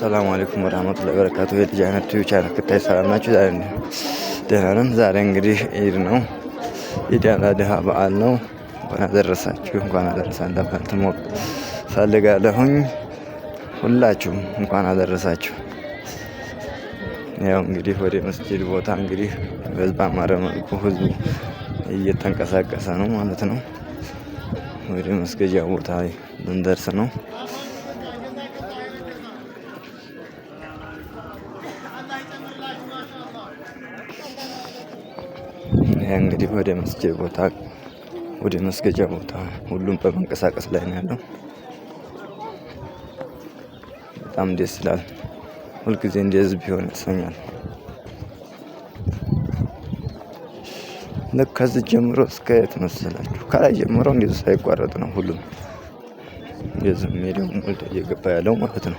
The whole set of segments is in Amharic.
አሰላሙ አለይኩም ወራህመቱላሂ ወበረካቱ። የልጅ አይነት ቲቪ ቻናል ክታይ ሰላም ናችሁ? ዛሬ ደህና ነን። ዛሬ እንግዲህ ኢድ ነው። ኢድ አላድሃ በዓል ነው። እንኳን አደረሳችሁ፣ እንኳን አደረሳን ለማለት ሞቅ ፈልጋለሁኝ። ሁላችሁም እንኳን አደረሳችሁ። ያው እንግዲህ ወደ መስጂድ ቦታ እንግዲህ በህዝብ አማረ መልኩ ህዝቡ እየተንቀሳቀሰ ነው ማለት ነው። ወደ መስገጃ ቦታ ልንደርስ ነው። እንግዲህ ወደ መስጊድ ቦታ ወደ መስገጃ ቦታ ሁሉም በመንቀሳቀስ ላይ ነው ያለው። በጣም ደስ ይላል። ሁልጊዜ እንደ ህዝብ ቢሆን ያሰኛል። ልክ ከዚህ ጀምሮ እስከ የት መሰላችሁ? ከላይ ጀምሮ እንደዚህ ሳይቋረጥ ነው ሁሉም የዚህ ሜዳው ሞልቶ እየገባ ያለው ማለት ነው።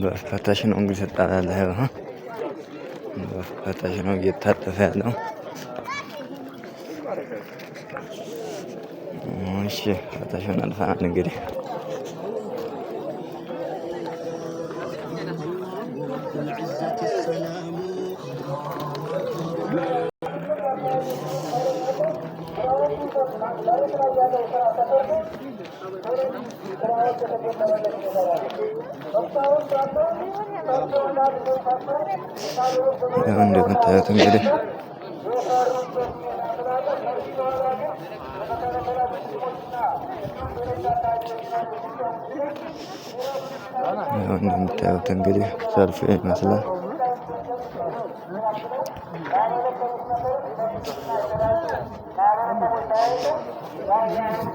በፈተሽ ነው እንግዲህ ስጣላለህ በፈተሽ ነው እየታጠፈ ያለው እሺ አታሽን አልፋን እንግዲህ እንደምታዩት እንግዲህ እንደምታዩት እንግዲህ ሰልፍ ይመስላል።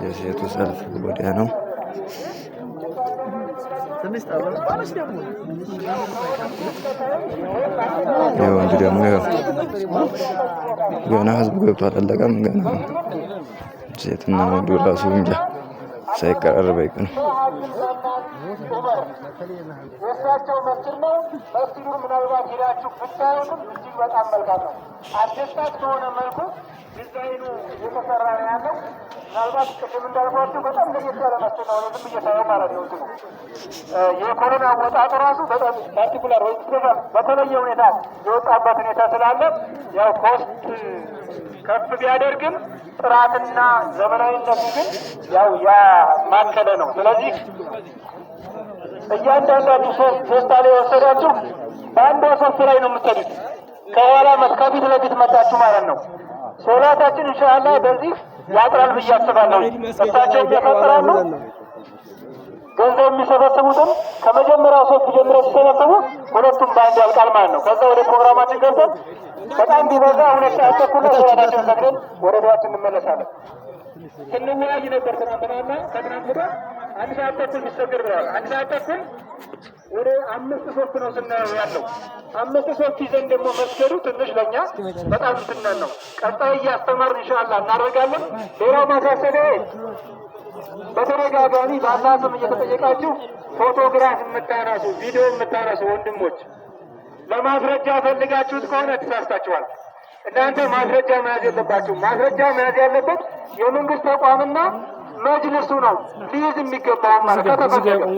የሴቱ ሰልፍ ወዲያ ነው። የወንድ ደግሞ ገና ህዝቡ ገብቶ አላለቀም። ገና ሴትና ወንዱ ራሱ እንጃ ሳይቀራረብ አይቀርም። የእሳቸው መስጅድ ነው። መስጅዱን ምናልባት ሄዳችሁ ብታዩትም እጅግ በጣም መልካም ነው። አስደሳች በሆነ መልኩ ዲዛይኑ የተሰራ ነው ያለው። ምናልባት ቅድም እንዳልኳቸው በጣም ለየት ያለ መስጅድ ነው። ዝም እየታየው ማለት ነው። የኮሮና ወጣቱ ራሱ በጣም ፓርቲኩላር ወይ በተለየ ሁኔታ የወጣበት ሁኔታ ስላለ ያው ኮስት ከፍ ቢያደርግም ጥራትና ዘመናዊነቱ ግን ያው ያማከለ ነው። ስለዚህ እያንዳንዳችሁ ሶስታ ላይ የወሰዳችሁ በአንዷ ሶስት ላይ ነው የምትሄዱት። ከኋላ ከፊት ለፊት መጣችሁ ማለት ነው። ሶላታችን እንሻላ በዚህ ያጥራል ብዬ አስባለሁ። እሳቸው ያፈጥራሉ። ገንዘብ የሚሰበስቡትም ከመጀመሪያው ሶስት ጀምረ ሲሰበሰቡ ሁለቱም በአንድ ያልቃል ማለት ነው። ከዛ ወደ ፕሮግራማችን ገብተን በጣም ቢበዛ ሁለት ሰዓት ተኩል ወረዳችን ፈቅደን ወረዳችን እንመለሳለን። ስንወያይ ነበር ትናንትናና ከትናንት ወዲያ አንድ ሰዓት ተኩል ሚሰገድ ብለዋል። አንድ ሰዓት ተኩል ወደ አምስት ሶስት ነው ስናየው ያለው አምስት ሶስት ይዘን ደግሞ መስገዱ ትንሽ ለእኛ በጣም ትናን ነው። ቀጣይ እያስተማርን ኢንሻላህ እናደርጋለን። ሌላው ማሳሰቢያ በተደጋጋሚ በአላህ ስም እየተጠየቃችሁ ፎቶግራፍ የምታነሱ ቪዲዮ የምታነሱ ወንድሞች ለማስረጃ ፈልጋችሁት ከሆነ ተሳስታችኋል። እናንተ ማስረጃ መያዝ የለባችሁ። ማስረጃ መያዝ ያለበት የመንግስት ተቋምና መጅልሱ ነው ሊይዝ የሚገባውን ማለት ከተፈለገ